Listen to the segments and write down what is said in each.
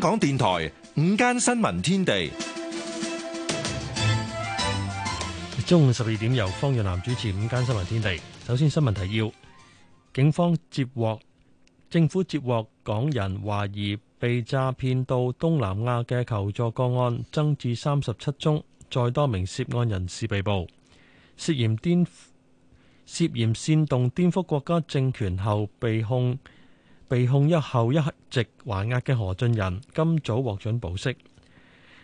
香港電台午間新聞天地，中午十二點，由方潤南主持《午間新聞天地》。首先新聞提要：警方接獲政府接獲港人懷疑被詐騙到東南亞嘅求助個案增至三十七宗，再多名涉案人士被捕，涉嫌顛涉嫌煽動顛覆國家政權後被控。被控一後一直還押嘅何俊仁今早獲准保釋。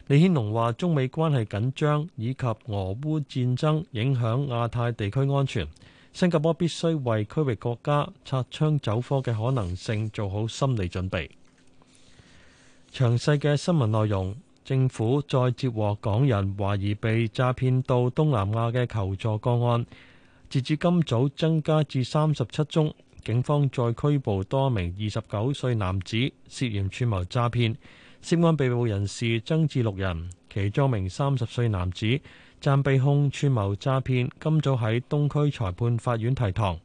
李顯龍話：中美關係緊張以及俄烏戰爭影響亞太地區安全，新加坡必須為區域國家擦槍走火嘅可能性做好心理準備。詳細嘅新聞內容，政府再接獲港人懷疑被詐騙到東南亞嘅求助個案，截至今早增加至三十七宗。警方再拘捕多名二十九歲男子涉嫌串謀詐騙，涉案被捕人士增至六人，其中一名三十歲男子暫被控串謀詐騙。今早喺東區裁判法院提堂，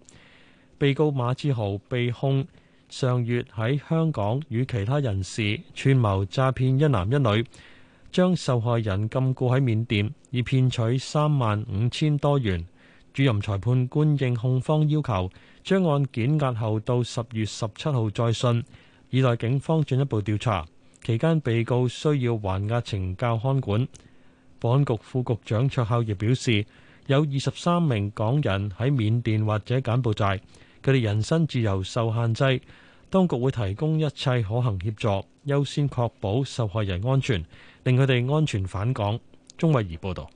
被告馬志豪被控上月喺香港與其他人士串謀詐騙一男一女，將受害人禁錮喺緬甸，以騙取三萬五千多元。主任裁判官應控方要求。將案件押後到十月十七號再訊，以待警方進一步調查。期間被告需要還押，懲教看管。保安局副局長卓孝業表示，有二十三名港人喺緬甸或者柬埔寨，佢哋人身自由受限制。當局會提供一切可行協助，優先確保受害人安全，令佢哋安全返港。鍾慧儀報導。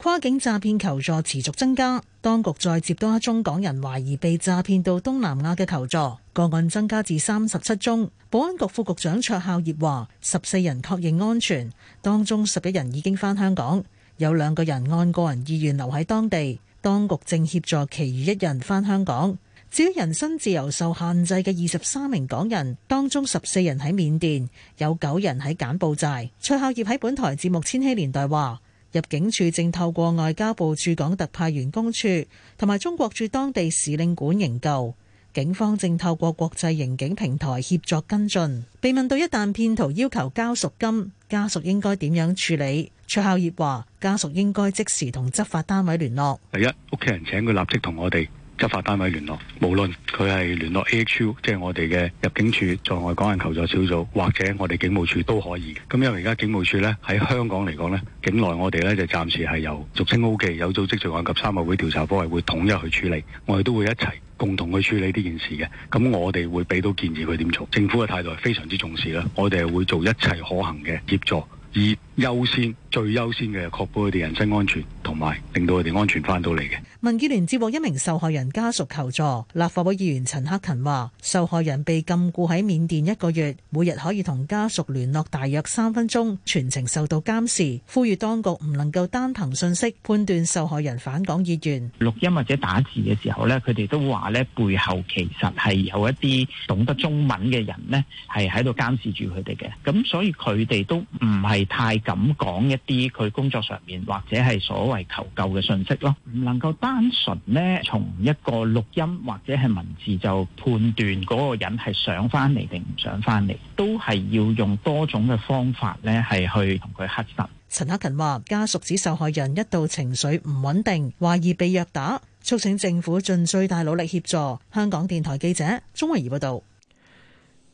跨境詐騙求助持續增加，當局再接多一宗港人懷疑被詐騙到東南亞嘅求助個案，增加至三十七宗。保安局副局長卓孝業話：十四人確認安全，當中十一人已經返香港，有兩個人按個人意願留喺當地，當局正協助其餘一人返香港。至於人身自由受限制嘅二十三名港人，當中十四人喺緬甸，有九人喺柬埔寨。卓孝業喺本台節目《千禧年代》話：入境處正透過外交部駐港特派員公署同埋中國駐當地使領館營救，警方正透過國際刑警平台協助跟進。被問到一旦騙徒要求交贖金，家屬應該點樣處理？卓孝業話：家屬應該即時同執法單位聯絡。第一，屋企人請佢立即同我哋執法單位聯絡，無論佢係聯絡 A H U，即係我哋嘅入境處在外港人求助小組，或者我哋警務處都可以。咁因為而家警務處呢，喺香港嚟講呢，境內我哋呢就暫時係由俗稱 O 記有組織罪案及三合會調查科係會統一去處理，我哋都會一齊共同去處理呢件事嘅。咁我哋會俾到建議佢點做，政府嘅態度係非常之重視啦。我哋係會做一切可行嘅協助，而。優先最優先嘅，確保佢哋人身安全，同埋令到佢哋安全翻到嚟嘅。民建聯接獲一名受害人家屬求助，立法會議員陳克勤話，受害人被禁錮喺緬甸一個月，每日可以同家屬聯絡大約三分鐘，全程受到監視。呼籲當局唔能夠單憑訊息判斷受害人返港意願。錄音或者打字嘅時候呢，佢哋都話呢，背後其實係有一啲懂得中文嘅人呢，係喺度監視住佢哋嘅。咁所以佢哋都唔係太。咁講一啲佢工作上面或者係所謂求救嘅信息咯，唔能夠單純呢從一個錄音或者係文字就判斷嗰個人係想翻嚟定唔想翻嚟，都係要用多種嘅方法呢係去同佢核實。陳克勤話：家屬指受害人一度情緒唔穩定，懷疑被虐打，促請政府盡最大努力協助。香港電台記者鍾慧儀報道。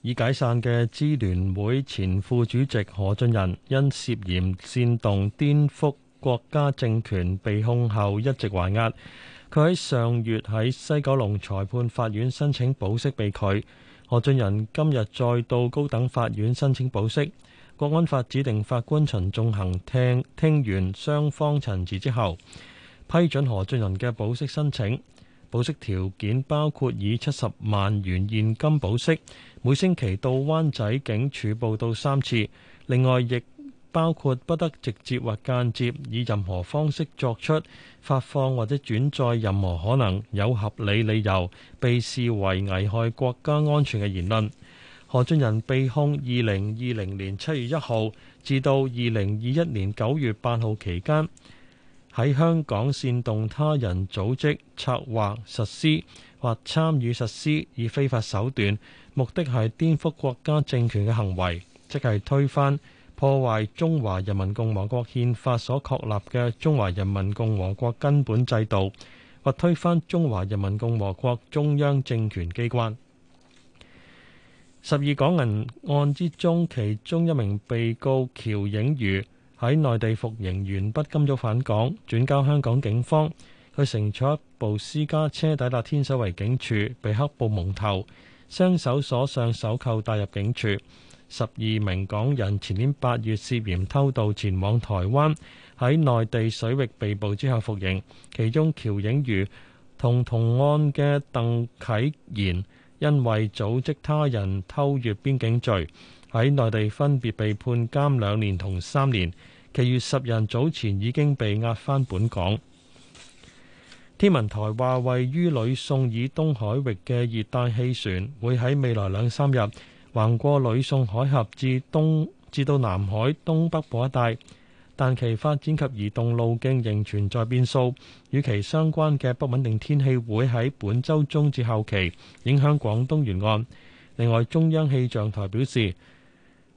已解散嘅支聯會前副主席何俊仁因涉嫌煽動顛覆國家政權被控後一直還押。佢喺上月喺西九龍裁判法院申請保釋被拒。何俊仁今日再到高等法院申請保釋。國安法指定法官陳仲恒聽聽完雙方陳詞之後，批准何俊仁嘅保釋申請。保釋條件包括以七十萬元現金保釋，每星期到灣仔警署報到三次。另外，亦包括不得直接或間接以任何方式作出發放或者轉載任何可能有合理理由被視為危害國家安全嘅言論。何俊仁被控二零二零年七月一號至到二零二一年九月八號期間，喺香港煽動他人組織、策劃、實施或參與實施以非法手段，目的係顛覆國家政權嘅行為，即係推翻、破壞中華人民共和國憲法所確立嘅中華人民共和國根本制度，或推翻中華人民共和國中央政權機關。十二港人案之中，其中一名被告喬影如。喺內地服刑完畢，今早返港，轉交香港警方。佢乘坐一部私家車抵達天水圍警署，被黑布蒙頭，雙手鎖上手扣，帶入警署。十二名港人前年八月涉嫌偷渡前往台灣，喺內地水域被捕之後服刑。其中喬映瑜同同案嘅鄧棨然，因為組織他人偷越邊境罪，喺內地分別被判監兩年同三年。其餘十人早前已經被押返本港。天文台話，位於呂宋以東海域嘅熱帶氣旋會喺未來兩三日橫過呂宋海峽至東至到南海東北部一帶，但其發展及移動路徑仍存在變數。與其相關嘅不穩定天氣會喺本週中至後期影響廣東沿岸。另外，中央氣象台表示，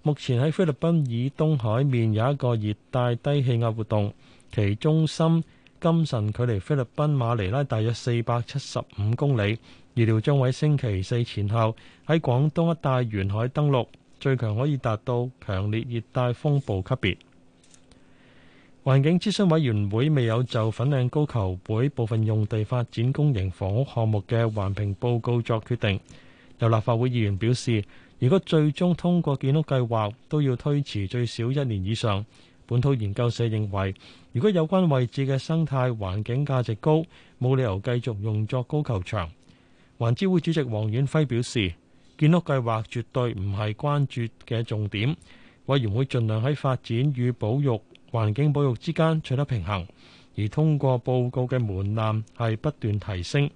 目前喺菲律賓以東海面有一個熱帶低氣壓活動，其中心今晨距離菲律賓馬尼拉大約四百七十五公里，預料將喺星期四前後喺廣東一帶沿海登陸，最強可以達到強烈熱帶風暴級別。環境諮詢委員會未有就粉嶺高球會部分用地發展公營房屋項目嘅環評報告作決定。有立法會議員表示，如果最終通過建屋計劃，都要推遲最少一年以上。本土研究社認為，如果有關位置嘅生態環境價值高，冇理由繼續用作高球場。環諮會主席黃遠輝表示，建屋計劃絕對唔係關注嘅重點。委員會盡量喺發展與保育、環境保育之間取得平衡，而通過報告嘅門檻係不斷提升。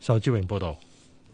仇志榮報導。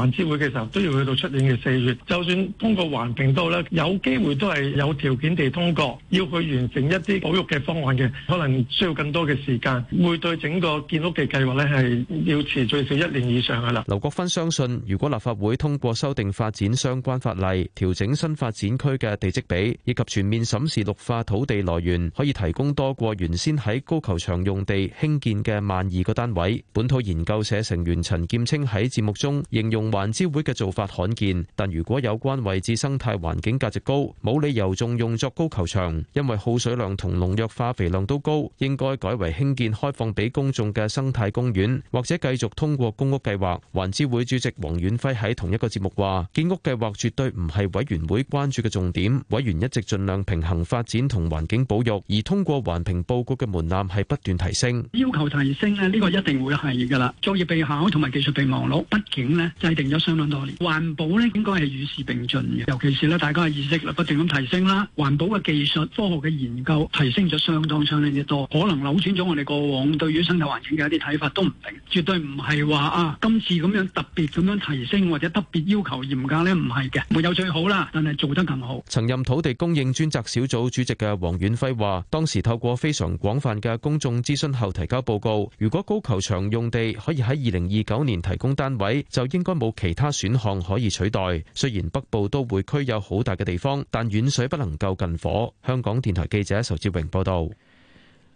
環諮會嘅時候都要去到出年嘅四月，就算通過環評到咧，有機會都係有條件地通過，要去完成一啲保育嘅方案嘅，可能需要更多嘅時間，會對整個建屋嘅計劃呢係要遲最少一年以上噶啦。劉國芬相信，如果立法會通過修訂發展相關法例，調整新發展區嘅地積比，以及全面審視綠化土地來源，可以提供多過原先喺高球場用地興建嘅萬二個單位。本土研究社成員陳劍青喺節目中形容。環諮會嘅做法罕見，但如果有關位置生態環境價值高，冇理由仲用作高球場，因為耗水量同農藥化肥量都高，應該改為興建開放俾公眾嘅生態公園，或者繼續通過公屋計劃。環諮會主席黃遠輝喺同一個節目話：建屋計劃絕對唔係委員會關注嘅重點，委員一直盡量平衡發展同環境保育，而通過環評報告嘅門檻係不斷提升，要求提升呢、呢個一定會係噶啦，作業備考同埋技術備忘錄，畢竟呢，就是定咗相當多年，環保呢，應該係與時並進嘅，尤其是咧大家嘅意識不斷咁提升啦。環保嘅技術、科學嘅研究提升咗相當相當之多，可能扭轉咗我哋過往對於生態環境嘅一啲睇法都唔定，絕對唔係話啊今次咁樣特別咁樣提升或者特別要求嚴格呢。唔係嘅，沒有最好啦，但係做得更好。曾任土地供應專責小組主席嘅黃遠輝話：當時透過非常廣泛嘅公眾諮詢後提交報告，如果高球場用地可以喺二零二九年提供單位，就應該。冇其他選項可以取代。雖然北部都會區有好大嘅地方，但遠水不能夠近火。香港電台記者仇志榮報道。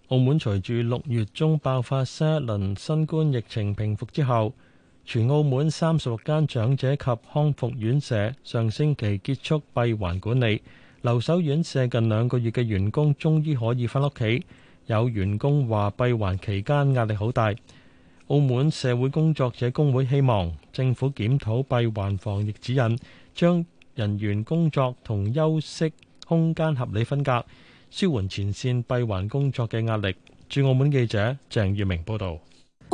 澳門隨住六月中爆發新一輪新冠疫情平復之後，全澳門三十六間長者及康復院舍上星期結束閉環管理，留守院舍近兩個月嘅員工終於可以翻屋企。有員工話閉環期間壓力好大。澳門社會工作者工會希望政府檢討閉環防疫指引，將人員工作同休息空間合理分隔，舒緩前線閉環工作嘅壓力。駐澳門記者鄭月明報導。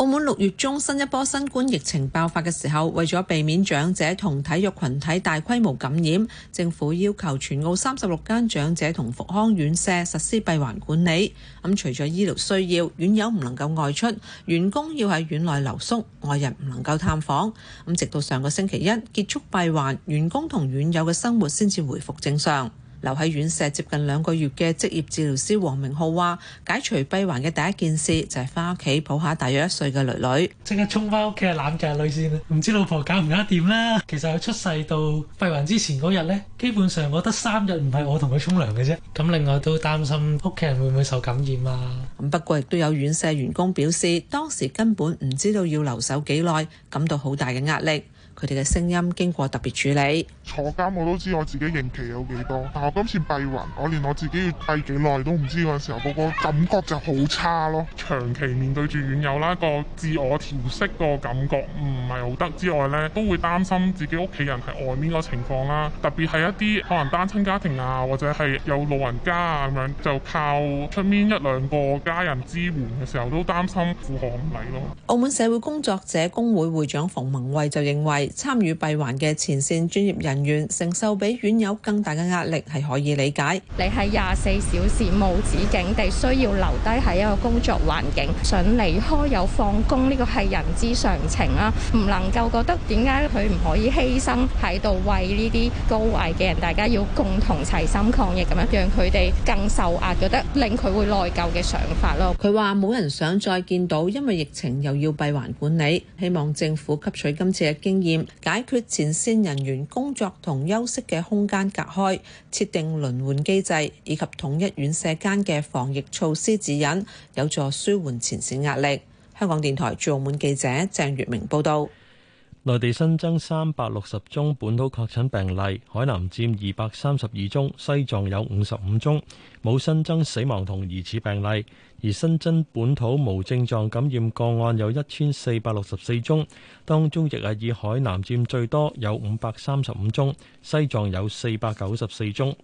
澳門六月中新一波新冠疫情爆發嘅時候，為咗避免長者同體育群體大規模感染，政府要求全澳三十六間長者同復康院舍實施閉環管理。咁，嗯，除咗醫療需要，院友唔能夠外出，員工要喺院內留宿，外人唔能夠探訪。咁直到上個星期一結束閉環，員工同院友嘅生活先至回復正常。留喺院舍接近兩個月嘅職業治療師黃明浩話：解除閉環嘅第一件事就係返屋企抱下大約一歲嘅女女，即刻沖返屋企攬個女先啊！唔知老婆搞唔搞得掂啦。其實佢出世到閉環之前嗰日呢，基本上我得三日唔係我同佢沖涼嘅啫。咁另外都擔心屋企人會唔會受感染啊。不過亦都有院舍員工表示，當時根本唔知道要留守幾耐，感到好大嘅壓力。佢哋嘅聲音經過特別處理。坐監我都知我自己刑期有幾多，但我今次閉環，我連我自己要閉幾耐都唔知嗰時候，嗰個感覺就好差咯。長期面對住院友啦，個自我調適個感覺唔係好得之外呢，都會擔心自己屋企人喺外面個情況啦。特別係一啲可能單親家庭啊，或者係有老人家啊咁樣，就靠出面一兩個家人支援嘅時候，都擔心負荷唔嚟咯。澳門社會工作者工會會長馮文蔚就認為。參與閉環嘅前線專業人員承受比院友更大嘅壓力，係可以理解。你係廿四小時無止境地需要留低喺一個工作環境，想離開又放工，呢個係人之常情啊。唔能夠覺得點解佢唔可以犧牲喺度為呢啲高危嘅人，大家要共同齊心抗疫咁樣，讓佢哋更受壓，覺得令佢會內疚嘅想法咯。佢話：冇人想再見到因為疫情又要閉環管理，希望政府吸取今次嘅經驗。解決前線人員工作同休息嘅空間隔開，設定輪換機制，以及統一院舍間嘅防疫措施指引，有助舒緩前線壓力。香港電台駐澳門記者鄭月明報道。內地新增三百六十宗本土確診病例，海南佔二百三十二宗，西藏有五十五宗，冇新增死亡同疑似病例。而新增本土無症狀感染個案有一千四百六十四宗，當中亦係以海南佔最多，有五百三十五宗，西藏有四百九十四宗。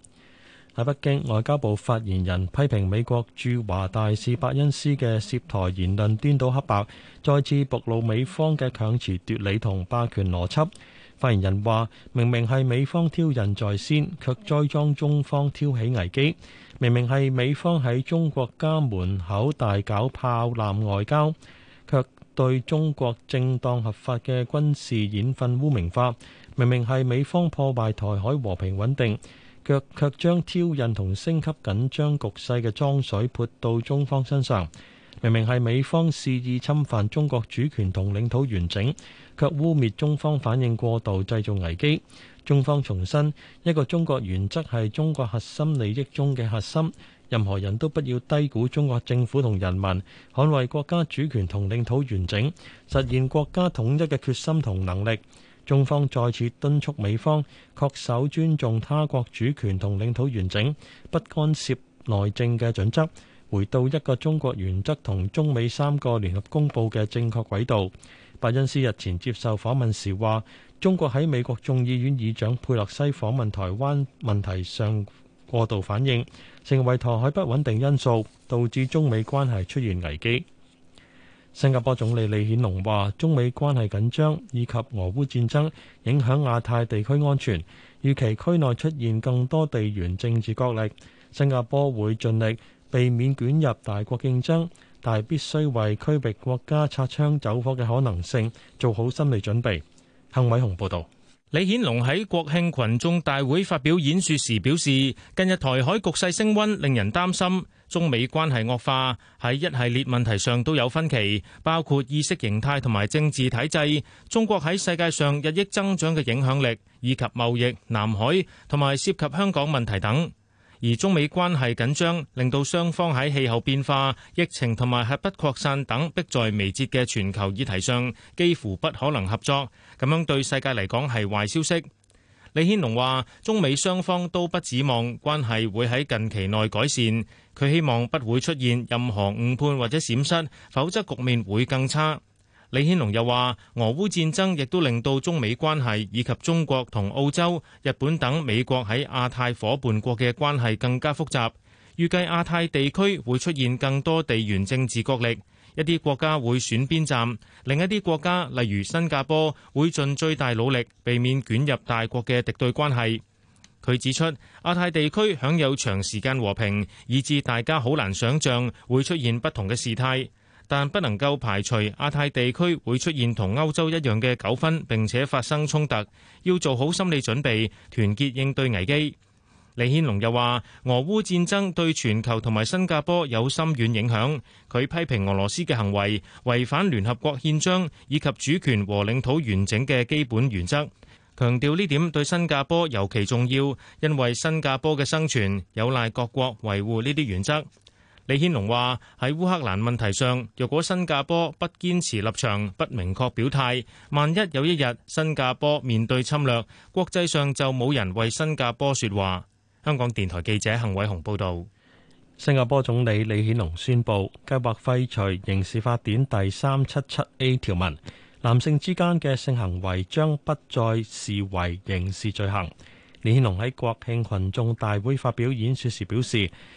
喺北京，外交部發言人批評美國駐華大使伯恩斯嘅涉台言論顛倒黑白，再次暴露美方嘅強詞奪理同霸權邏輯。發言人話：明明係美方挑釁在先，卻栽贓中方挑起危機，明明係美方喺中國家門口大搞炮艦外交，卻對中國正當合法嘅軍事演訓污名化；明明係美方破壞台海和平穩定。卻卻將挑釁同升級緊張局勢嘅髒水潑到中方身上，明明係美方肆意侵犯中國主權同領土完整，卻污蔑中方反應過度，製造危機。中方重申，一個中國原則係中國核心利益中嘅核心，任何人都不要低估中國政府同人民捍衛國家主權同領土完整、實現國家統一嘅決心同能力。中方再次敦促美方恪守尊重他國主權同領土完整、不干涉內政嘅準則，回到一個中國原則同中美三個聯合公布嘅正確軌道。伯恩斯日前接受訪問時話，中國喺美國眾議院議長佩洛西訪問台灣問題上過度反應，成為台海不穩定因素，導致中美關係出現危機。新加坡總理李顯龍話：中美關係緊張以及俄烏戰爭影響亞太地區安全，預期區內出現更多地緣政治角力。新加坡會盡力避免捲入大國競爭，但必須為區域國家擦槍走火嘅可能性做好心理準備。鄺偉雄報道。李顯龍喺國慶群眾大會發表演說時表示，近日台海局勢升温，令人擔心中美關係惡化，喺一系列問題上都有分歧，包括意識形態同埋政治體制，中國喺世界上日益增長嘅影響力，以及貿易、南海同埋涉及香港問題等。而中美關係緊張令到雙方喺氣候變化、疫情同埋核不擴散等迫在眉睫嘅全球議題上幾乎不可能合作，咁樣對世界嚟講係壞消息。李顯龍話中美雙方都不指望關係會喺近期內改善，佢希望不會出現任何誤判或者閃失，否則局面會更差。李顯龍又話：俄烏戰爭亦都令到中美關係以及中國同澳洲、日本等美國喺亞太夥伴國嘅關係更加複雜。預計亞太地區會出現更多地緣政治角力，一啲國家會選邊站，另一啲國家例如新加坡會盡最大努力避免捲入大國嘅敵對關係。佢指出，亞太地區享有長時間和平，以致大家好難想象會出現不同嘅事態。但不能夠排除亞太地區會出現同歐洲一樣嘅糾紛，並且發生衝突，要做好心理準備，團結應對危機。李顯龍又話，俄烏戰爭對全球同埋新加坡有深遠影響。佢批評俄羅斯嘅行為違反聯合國憲章以及主權和領土完整嘅基本原則，強調呢點對新加坡尤其重要，因為新加坡嘅生存有賴各國維護呢啲原則。李顯龍話：喺烏克蘭問題上，若果新加坡不堅持立場、不明確表態，萬一有一日新加坡面對侵略，國際上就冇人為新加坡說話。香港電台記者幸偉雄報道。新加坡總理李顯龍宣布計劃廢除刑事法典第三七七 A 條文，男性之間嘅性行為將不再視為刑事罪行。李顯龍喺國慶群眾大會發表演說時表示。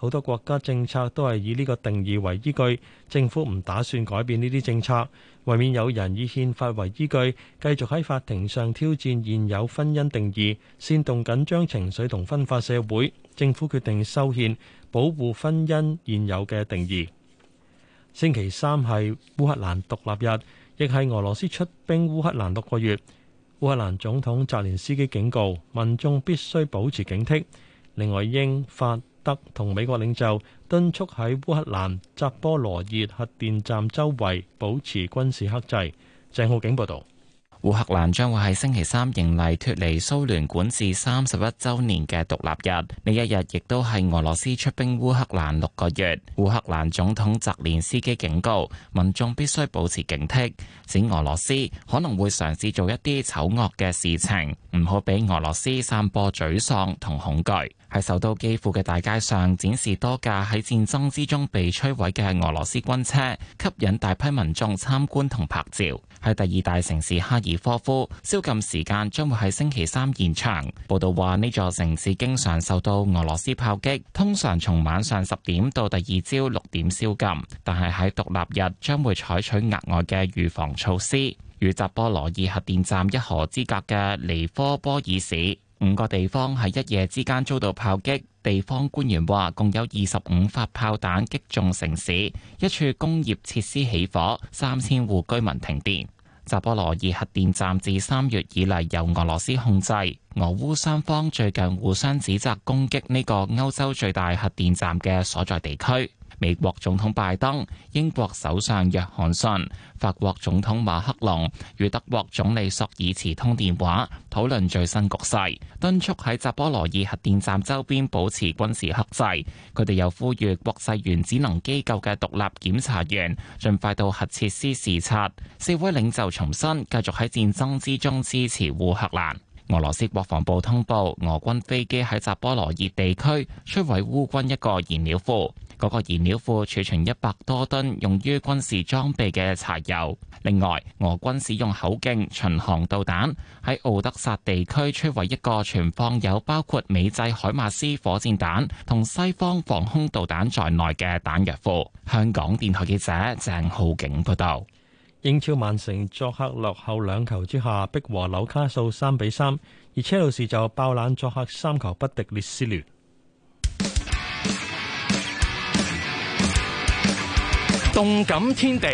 好多國家政策都係以呢個定義為依據，政府唔打算改變呢啲政策，為免有人以憲法為依據繼續喺法庭上挑戰現有婚姻定義，煽動緊張情緒同分化社會。政府決定修憲保護婚姻現有嘅定義。星期三係烏克蘭獨立日，亦係俄羅斯出兵烏克蘭六個月。烏克蘭總統澤連斯基警告民眾必須保持警惕。另外，英法、德同美國領袖敦促喺烏克蘭扎波羅熱核電站周圍保持軍事克制。鄭浩景報道。烏克蘭將會喺星期三迎嚟脫離蘇聯管治三十一周年嘅獨立日，呢一日亦都係俄羅斯出兵烏克蘭六個月。烏克蘭總統澤連斯基警告民眾必須保持警惕，指俄羅斯可能會嘗試做一啲醜惡嘅事情，唔好俾俄羅斯散播沮喪同恐懼，喺首都基輔嘅大街上展示多架喺戰爭之中被摧毀嘅俄羅斯軍車，吸引大批民眾參觀同拍照。喺第二大城市哈爾科夫，宵禁時間將會喺星期三延長。報道話呢座城市經常受到俄羅斯炮擊，通常從晚上十點到第二朝六點宵禁，但係喺獨立日將會採取額外嘅預防措施。與扎波羅熱核電站一河之隔嘅尼科波爾市。五個地方喺一夜之間遭到炮擊，地方官員話共有二十五發炮彈擊中城市，一處工業設施起火，三千戶居民停電。扎波羅熱核電站自三月以嚟由俄羅斯控制，俄烏雙方最近互相指責攻擊呢個歐洲最大核電站嘅所在地區。美國總統拜登、英國首相約翰遜、法國總統馬克龍與德國總理朔爾茨通電話，討論最新局勢，敦促喺扎波羅爾核電站周邊保持軍事克制。佢哋又呼籲國際原子能機構嘅獨立檢查員盡快到核設施視察。四位領袖重申繼續喺戰爭之中支持烏克蘭。俄羅斯國防部通報，俄軍飛機喺扎波羅熱地區摧毀烏軍一個燃料庫，嗰個燃料庫儲存一百多噸用於軍事裝備嘅柴油。另外，俄軍使用口徑巡航導彈喺奧德薩地區摧毀一個存放有包括美製海馬斯火箭彈同西方防空導彈在內嘅彈藥庫。香港電台記者鄭浩景報道。英超曼城作客落後兩球之下，逼和紐卡素三比三；而車路士就爆冷作客三球不敵列斯聯。動感天地，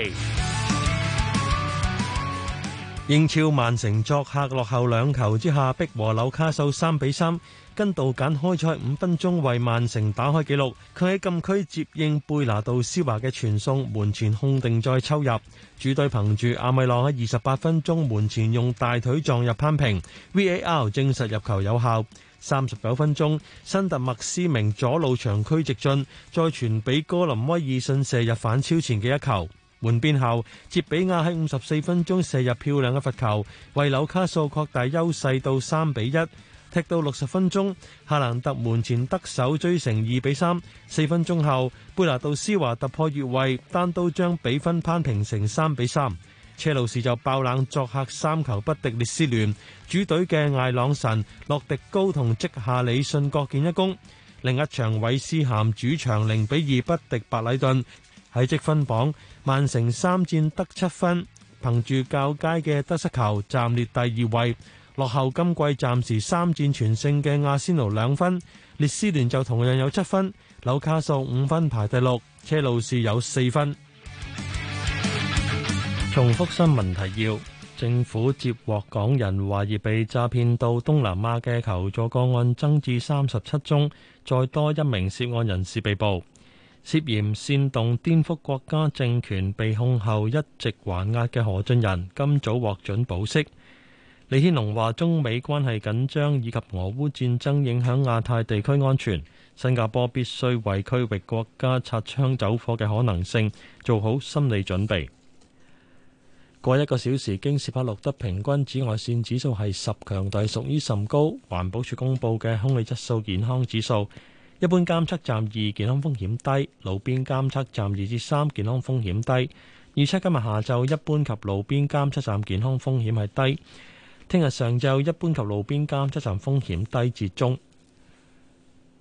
英超曼城作客落後兩球之下，逼和紐卡素三比三。根度簡開賽五分鐘為曼城打開紀錄，佢喺禁區接應貝拿度斯華嘅傳送，門前控定再抽入。主隊憑住阿米朗喺二十八分鐘門前用大腿撞入攀平，VAR 證實入球有效。三十九分鐘，辛特麥斯明左路長驅直進，再傳俾哥林威爾遜射入反超前嘅一球。換邊後，捷比亞喺五十四分鐘射入漂亮嘅罰球，為紐卡素擴大優勢到三比一。踢到六十分鐘，哈蘭特門前得手追成二比三。四分鐘後，貝拿度斯華突破越位，單刀將比分攀平成三比三。車路士就爆冷作客三球不敵列斯聯，主隊嘅艾朗臣、洛迪高同積夏里遜各建一功。另一場韋斯咸主場零比二不敵白禮頓。喺積分榜，曼城三戰得七分，憑住較佳嘅得失球，暫列第二位。落後今季暫時三戰全勝嘅阿仙奴兩分，列斯聯就同樣有七分，紐卡素五分排第六，車路士有四分。重複新聞提要：政府接獲港人懷疑被詐騙到東南亞嘅求助個案增至三十七宗，再多一名涉案人士被捕，涉嫌煽動顛覆國家政權被控後一直還押嘅何俊仁今早獲准保釋。李天龍話：中美關係緊張以及俄烏戰爭影響亞太地區安全，新加坡必須為區域國家擦槍走火嘅可能性做好心理準備。過一個小時，京士柏錄得平均紫外線指數係十強，但屬於甚高。環保署公布嘅空氣質素健康指數，一般監測站二，健康風險低；路邊監測站二至三，健康風險低。預測今日下晝一般及路邊監測站健康風險係低。聽日上晝，一般及路邊監測站風險低至中。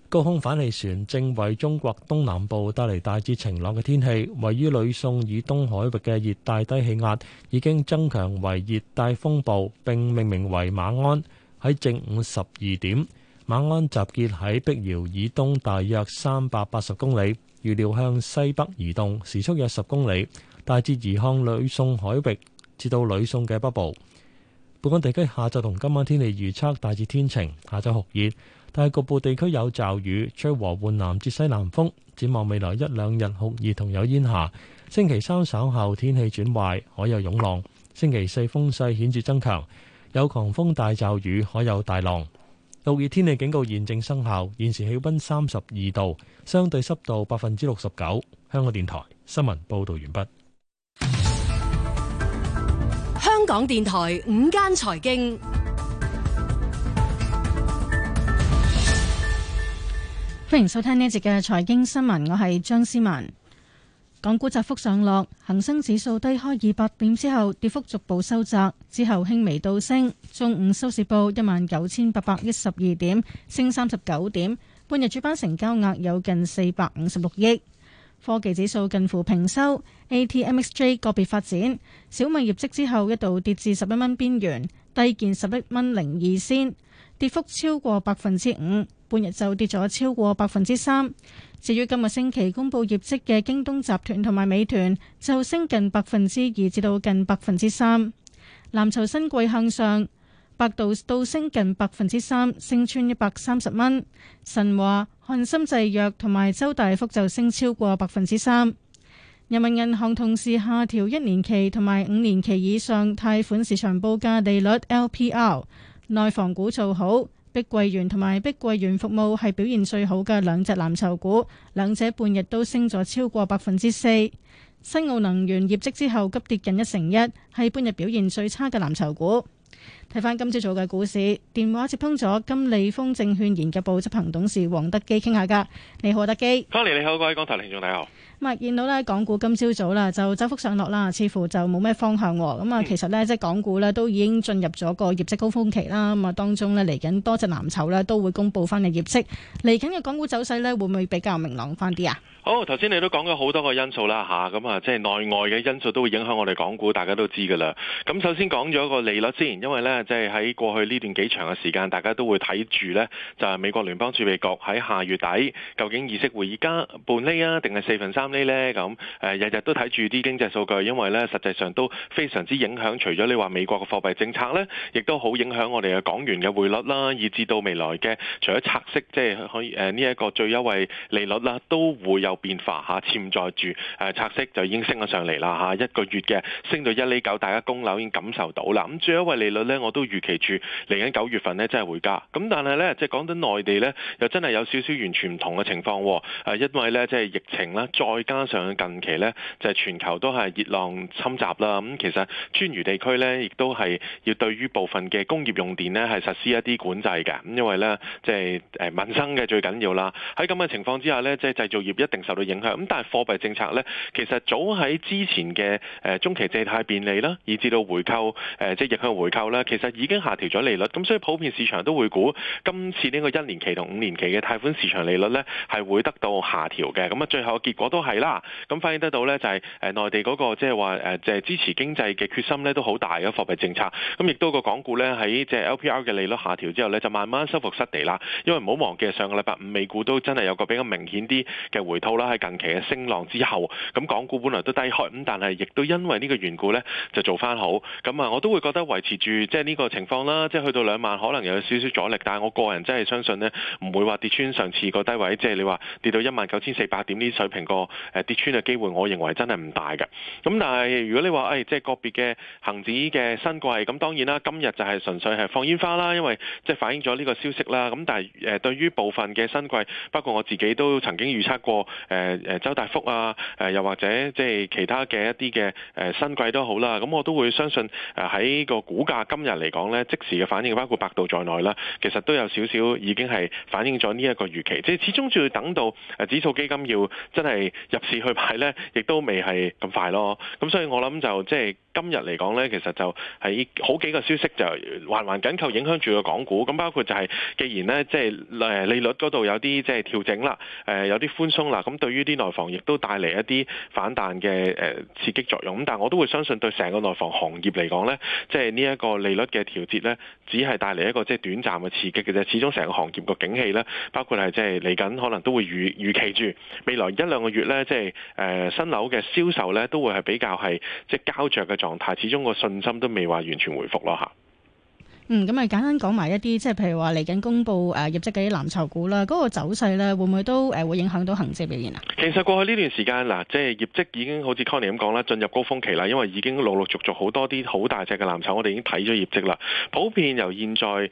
高空反氣旋正為中國東南部帶嚟大致晴朗嘅天氣。位於呂宋以東海域嘅熱帶低氣壓已經增強為熱帶風暴，並命名為馬鞍。喺正午十二點，馬鞍集結喺碧瑤以東大約三百八十公里，預料向西北移動，時速約十公里，大致移向呂宋海域，至到呂宋嘅北部。本港地區下晝同今晚天氣預測，大致天晴，下晝酷熱，但係局部地區有驟雨，吹和緩南至西南風。展望未來一兩日酷熱同有煙霞，星期三稍後天氣轉壞，海有湧浪。星期四風勢顯著增強，有狂風大驟雨，海有大浪。酷熱天氣警告現正生效，現時氣溫三十二度，相對濕度百分之六十九。香港電台新聞報道完畢。香港電台五間財經，歡迎收聽呢一節嘅財經新聞，我係張思文。港股窄幅上落，恒生指數低開二百點之後，跌幅逐步收窄，之後輕微倒升。中午收市報一萬九千八百一十二點，升三十九點。半日主板成交額有近四百五十六億。科技指數近乎平收，ATMXJ 個別發展，小米業績之後一度跌至十一蚊邊緣，低見十一蚊零二仙，跌幅超過百分之五，半日就跌咗超過百分之三。至於今個星期公佈業績嘅京東集團同埋美團，就升近百分之二至到近百分之三。藍籌新貴向上。百度倒升近百分之三，升穿一百三十蚊。神話翰森製藥同埋周大福就升超過百分之三。人民銀行同時下調一年期同埋五年期以上貸款市場報價利率 LPR。內房股做好，碧桂園同埋碧桂園服務係表現最好嘅兩隻藍籌股，兩者半日都升咗超過百分之四。新奧能源業績之後急跌近一成一，係半日表現最差嘅藍籌股。睇翻今朝早嘅股市，電話接通咗金利豐證券研究部執行董事黃德基傾下噶。你好，德基，歡迎你，好，各位港台嘅聽眾朋友。咁啊，見到呢，港股今朝早啦，就走幅上落啦，似乎就冇咩方向。咁啊，其實呢，即係港股呢都已經進入咗個業績高峰期啦。咁啊，當中呢嚟緊多隻藍籌呢都會公布翻嘅業績，嚟緊嘅港股走勢呢會唔會比較明朗翻啲啊？好，頭先你都講咗好多個因素啦吓，咁啊，嗯、即係內外嘅因素都會影響我哋港股，大家都知㗎啦。咁、嗯、首先講咗個利率先，因為呢，即係喺過去呢段幾長嘅時間，大家都會睇住呢，就係、是、美國聯邦儲備局喺下月底究竟議息會加半厘啊，定係四分三厘呢咧？咁、嗯、誒，日、呃、日都睇住啲經濟數據，因為呢，實際上都非常之影響。除咗你話美國嘅貨幣政策呢，亦都好影響我哋嘅港元嘅匯率啦，以至到未來嘅除咗拆息，即係可以誒呢一個最優惠利率啦、啊，都會有。變化嚇，潛在住誒拆、呃、息就已經升咗上嚟啦嚇，一個月嘅升到一厘九，大家供樓已經感受到啦。咁、嗯、最後一位利率呢，我都預期住嚟緊九月份呢，真係會加。咁、嗯、但係呢，即係講緊內地呢，又真係有少少完全唔同嘅情況、哦。誒、呃，因為呢，即、就、係、是、疫情啦，再加上近期呢，就係、是、全球都係熱浪侵襲啦。咁、嗯、其實川渝地區呢，亦都係要對於部分嘅工業用電呢，係實施一啲管制嘅。咁因為呢，即係誒民生嘅最緊要啦。喺咁嘅情況之下呢，即、就、係、是、製造業一定受到影響咁，但係貨幣政策呢，其實早喺之前嘅誒、呃、中期借貸便利啦，以至到回購誒、呃，即係逆向回購呢，其實已經下調咗利率。咁所以普遍市場都會估今次呢個一年期同五年期嘅貸款市場利率呢，係會得到下調嘅。咁啊，最後嘅結果都係啦，咁反映得到呢，就係、是、誒內地嗰個即係話誒，即、呃、係支持經濟嘅決心呢，都好大嘅貨幣政策。咁亦都個港股呢，喺即係 LPR 嘅利率下調之後呢，就慢慢收復失地啦。因為唔好忘記上個禮拜五美股都真係有個比較明顯啲嘅回吐。啦，喺近期嘅升浪之後，咁港股本來都低開，咁但係亦都因為呢個緣故呢，就做翻好。咁啊，我都會覺得維持住即係呢個情況啦，即係去到兩萬可能有少少阻力，但係我個人真係相信呢，唔會話跌穿上次個低位，即係你話跌到一萬九千四百點呢水平個誒跌穿嘅機會，我認為真係唔大㗎。咁但係如果你話誒，即係個別嘅恆指嘅新貴，咁當然啦，今日就係純粹係放煙花啦，因為即係反映咗呢個消息啦。咁但係誒，對於部分嘅新貴，包括我自己都曾經預測過。誒誒、呃呃，周大福啊，誒、呃、又或者即係其他嘅一啲嘅誒新貴都好啦，咁我都會相信誒喺個股價今日嚟講咧，即時嘅反應包括百度在內啦，其實都有少少已經係反映咗呢一個預期，即係始終仲要等到誒指數基金要真係入市去買咧，亦都未係咁快咯。咁所以我諗就即係。今日嚟講呢，其實就喺好幾個消息就環環緊扣，影響住個港股。咁包括就係，既然呢，即係誒利率嗰度有啲即係調整啦，誒有啲寬鬆啦，咁對於啲內房亦都帶嚟一啲反彈嘅誒刺激作用。咁但我都會相信對成個內房行業嚟講呢，即係呢一個利率嘅調節呢，只係帶嚟一個即係短暫嘅刺激嘅啫。始終成個行業個景氣呢，包括係即係嚟緊可能都會預預期住未來一兩個月呢，即係誒新樓嘅銷售呢，都會係比較係即係膠着嘅。狀態，始終個信心都未話完全回復咯吓。嗯，咁啊，簡單講埋一啲，即係譬如話嚟緊公布誒業績嘅啲藍籌股啦，嗰個走勢咧，會唔會都誒會影響到恒指表現啊？其實過去呢段時間嗱，即係業績已經好似 Connie 咁講啦，進入高峰期啦，因為已經陸陸續續好多啲好大隻嘅藍籌，我哋已經睇咗業績啦。普遍由現在誒，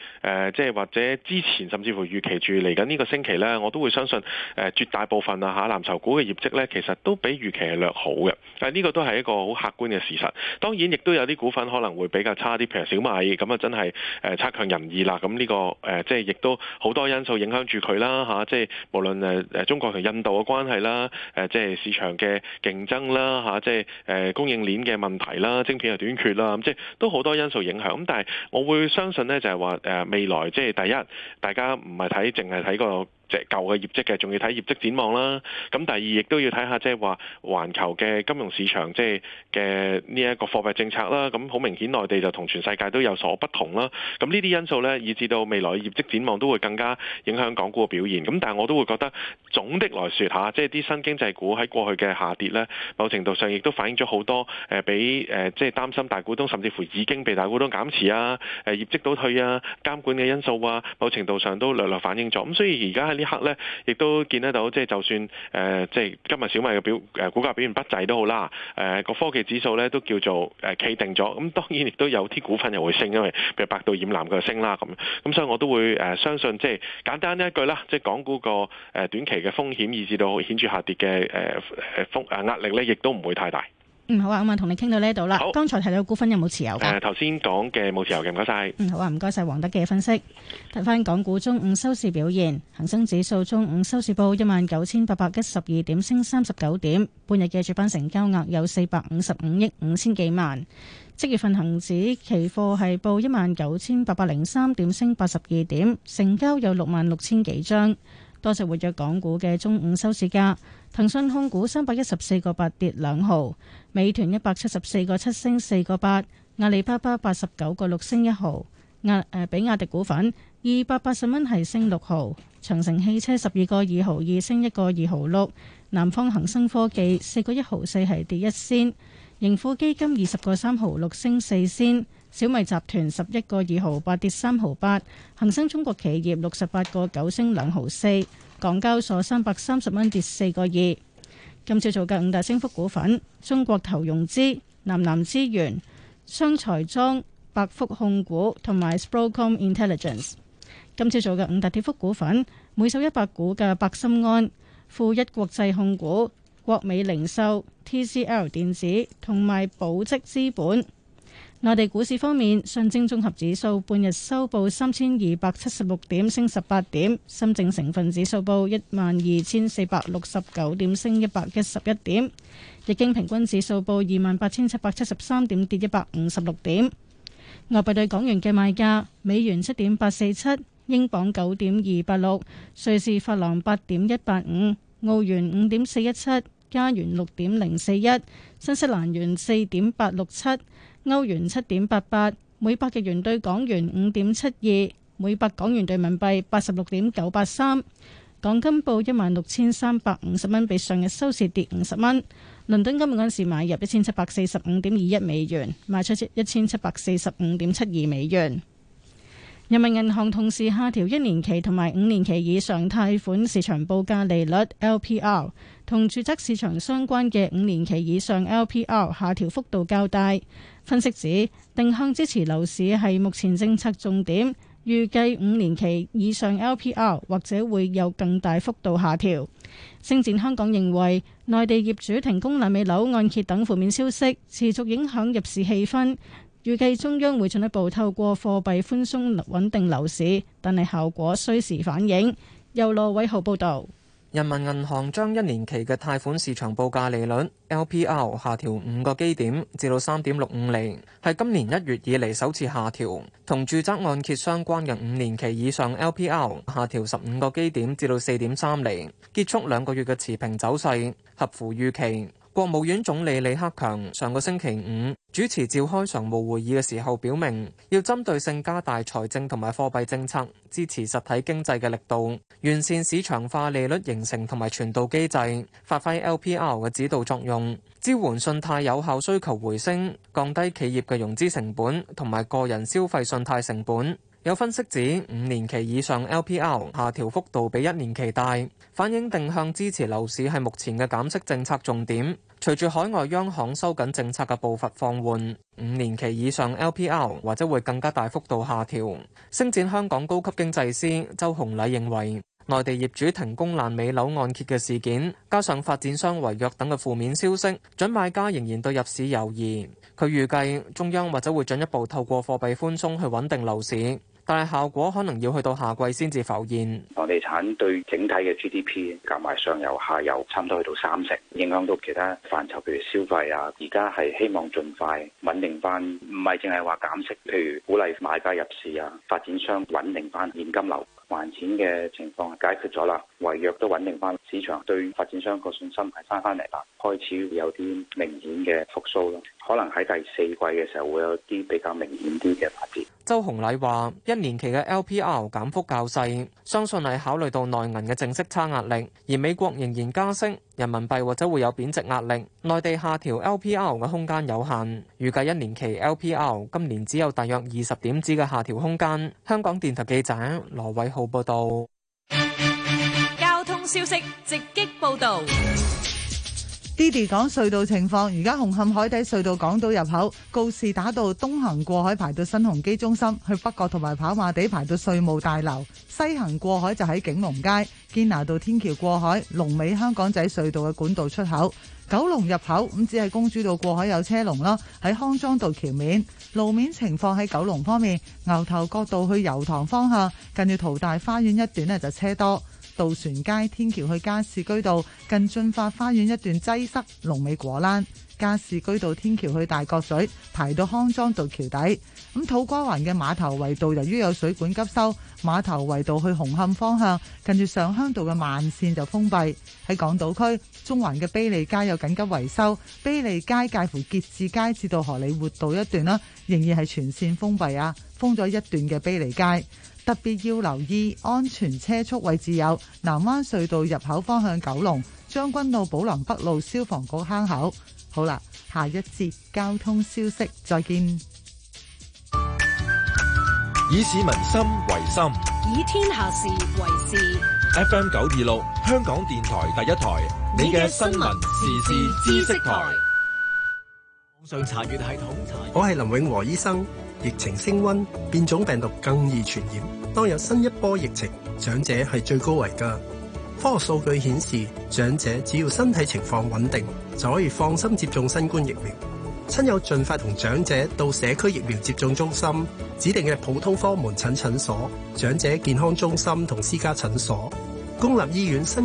即係或者之前，甚至乎預期住嚟緊呢個星期咧，我都會相信誒絕大部分啊嚇藍籌股嘅業績咧，其實都比預期係略好嘅。但係呢個都係一個好客觀嘅事實。當然亦都有啲股份可能會比較差啲，譬如小米咁啊，真係。誒差、呃、強人意啦，咁、嗯、呢、這個誒、呃、即係亦都好多因素影響住佢啦嚇，即係無論誒誒中國同印度嘅關係啦，誒、啊、即係市場嘅競爭啦嚇、啊，即係誒、呃、供應鏈嘅問題啦，晶片嘅短缺啦，咁、嗯、即係都好多因素影響。咁、嗯、但係我會相信咧，就係話誒未來即係第一，大家唔係睇淨係睇個嘅舊嘅業績嘅，仲要睇業績展望啦。咁第二，亦都要睇下即係話，環球嘅金融市場即係嘅呢一個貨幣政策啦。咁好明顯，內地就同全世界都有所不同啦。咁呢啲因素呢，以至到未來嘅業績展望都會更加影響港股嘅表現。咁但係我都會覺得總的來說嚇，即係啲新經濟股喺過去嘅下跌呢，某程度上亦都反映咗好多誒，俾、呃、誒、呃、即係擔心大股東，甚至乎已經被大股東減持啊，誒業績倒退啊，監管嘅因素啊，某程度上都略略反映咗。咁所以而家喺呢一刻咧，亦都見得到，即係就算誒、呃，即係今日小米嘅表誒股價表現不濟都好啦，誒、呃、個科技指數咧都叫做誒企、呃、定咗。咁當然亦都有啲股份又會升，因為譬如百度、染藍嘅升啦咁。咁所以我都會誒、呃、相信，即係簡單呢一句啦，即係講個短期嘅風險，以至到顯著下跌嘅誒誒風誒壓力咧，亦都唔會太大。嗯好啊，咁啊同你傾到呢度啦。好剛才提到股份有冇持有噶？誒、啊，頭先講嘅冇持有嘅，唔該晒。嗯好啊，唔該晒王德嘅分析。睇翻港股中午收市表現，恒生指數中午收市報一萬九千八百一十二點，升三十九點。半日嘅主板成交額有四百五十五億五千幾萬。即月份恒指期貨係報一萬九千八百零三點，升八十二點，成交有六萬六千幾張。多隻活躍港股嘅中午收市價。騰訊控股三百一十四個八跌兩毫，美團一百七十四個七升四個八，阿里巴巴八十九個六升一毫，壓比亞迪股份二百八十蚊係升六毫，長城汽車十二個二毫二升一個二毫六，6, 南方恒生科技四個一毫四係跌一仙，盈富基金二十個三毫六升四仙，小米集團十一個二毫八跌三毫八，恒生中國企業六十八個九升兩毫四。港交所三百三十蚊跌四個二。今朝做嘅五大升幅股份：中國投融資、南南資源、雙財莊、百福控股同埋 Sprocomm Intelligence。今朝做嘅五大跌幅股份：每手一百股嘅百心安、富一國際控股、國美零售、TCL 電子同埋寶積資本。內地股市方面，上證綜合指數半日收報三千二百七十六點，升十八點；深證成分指數報一萬二千四百六十九點，升一百一十一點；日經平均指數報二萬八千七百七十三點，跌一百五十六點。外幣對港元嘅賣價：美元七點八四七，英鎊九點二八六，瑞士法郎八點一八五，澳元五點四一七，加元六點零四一，新西蘭元四點八六七。歐元七點八八，每百日元兌港元五點七二，每百港元兌人民幣八十六點九八三。港金報一萬六千三百五十蚊，比上日收市跌五十蚊。倫敦今日嗰陣時買入一千七百四十五點二一美元，賣出一千七百四十五點七二美元。人民銀行同時下調一年期同埋五年期以上貸款市場報價利率 LPR，同住宅市場相關嘅五年期以上 LPR 下調幅度較大。分析指，定向支持樓市係目前政策重點，預計五年期以上 LPR 或者會有更大幅度下調。星展香港認為，內地業主停工爛尾樓按揭等負面消息持續影響入市氣氛。預計中央會進一步透過貨幣寬鬆穩定樓市，但係效果需時反映。由羅偉豪報導，人民銀行將一年期嘅貸款市場報價利率 LPR 下調五個基點至到三點六五厘，係今年一月以嚟首次下調。同住宅按揭相關嘅五年期以上 LPR 下調十五個基點至到四點三厘，結束兩個月嘅持平走勢，合乎預期。國務院總理李克強上個星期五主持召開常務會議嘅時候，表明要針對性加大財政同埋貨幣政策，支持實體經濟嘅力度，完善市場化利率形成同埋傳導機制，發揮 LPR 嘅指導作用，支援信貸有效需求回升，降低企業嘅融資成本同埋個人消費信貸成本。有分析指五年期以上 LPR 下調幅度比一年期大，反映定向支持樓市係目前嘅減息政策重點。隨住海外央行收緊政策嘅步伐放緩，五年期以上 LPR 或者會更加大幅度下調，星展香港高級經濟師周紅禮認為內地業主停工爛尾樓按揭嘅事件，加上發展商違約等嘅負面消息，準買家仍然對入市猶疑。佢預計中央或者會進一步透過貨幣寬鬆去穩定樓市。但係效果可能要去到夏季先至浮現。房地產對整體嘅 GDP 夾埋上游下游，差唔多去到三成，影響到其他範疇，譬如消費啊。而家係希望盡快穩定翻，唔係淨係話減息，譬如鼓勵買家入市啊，發展商穩定翻現金流。還錢嘅情況解決咗啦，違約都穩定翻，市場對發展商個信心係翻翻嚟啦，開始有啲明顯嘅復甦咯，可能喺第四季嘅時候會有啲比較明顯啲嘅發展。周洪禮話：一年期嘅 LPR 減幅較細，相信係考慮到內銀嘅淨息差壓力，而美國仍然加息，人民幣或者會有貶值壓力，內地下調 LPR 嘅空間有限。預計一年期 LPR 今年只有大約二十點子嘅下調空間。香港電台記者羅偉豪。報道交通消息直擊報道睇睇講隧道情況，而家紅磡海底隧道港島入口告士打道東行過海排到新鴻基中心，去北角同埋跑馬地排到稅務大樓；西行過海就喺景隆街堅拿道天橋過海，龍尾香港仔隧道嘅管道出口。九龍入口，咁只係公主道過海有車龍啦，喺康莊道橋面。路面情況喺九龍方面，牛頭角道去油塘方向近住淘大花園一段呢就車多，渡船街天橋去加士居道近駿發花園一段擠塞，龍尾果欄。加士居道天橋去大角咀，排到康莊道橋底。咁土瓜灣嘅碼頭圍道，由於有水管急修，碼頭圍道去紅磡方向，近住上鄉道嘅慢線就封閉。喺港島區，中環嘅卑利街有緊急維修，卑利街介乎結志街至到荷里活道一段啦，仍然係全線封閉啊，封咗一段嘅卑利街。特別要留意安全車速位置有南灣隧道入口方向九龍、將軍澳寶林北路消防局坑口。好啦，下一節交通消息再見。以市民心為心，以天下事為事。FM 九二六，香港電台第一台，你嘅新聞時事知識台。網上查閱系統，我係林永和醫生。疫情升温，變種病毒更易傳染。當有新一波疫情，長者係最高危噶。科學數據顯示，長者只要身體情況穩定。就可以放心接種新冠疫苗。親友盡快同長者到社區疫苗接種中心、指定嘅普通科門診診所、長者健康中心同私家診所、公立醫院。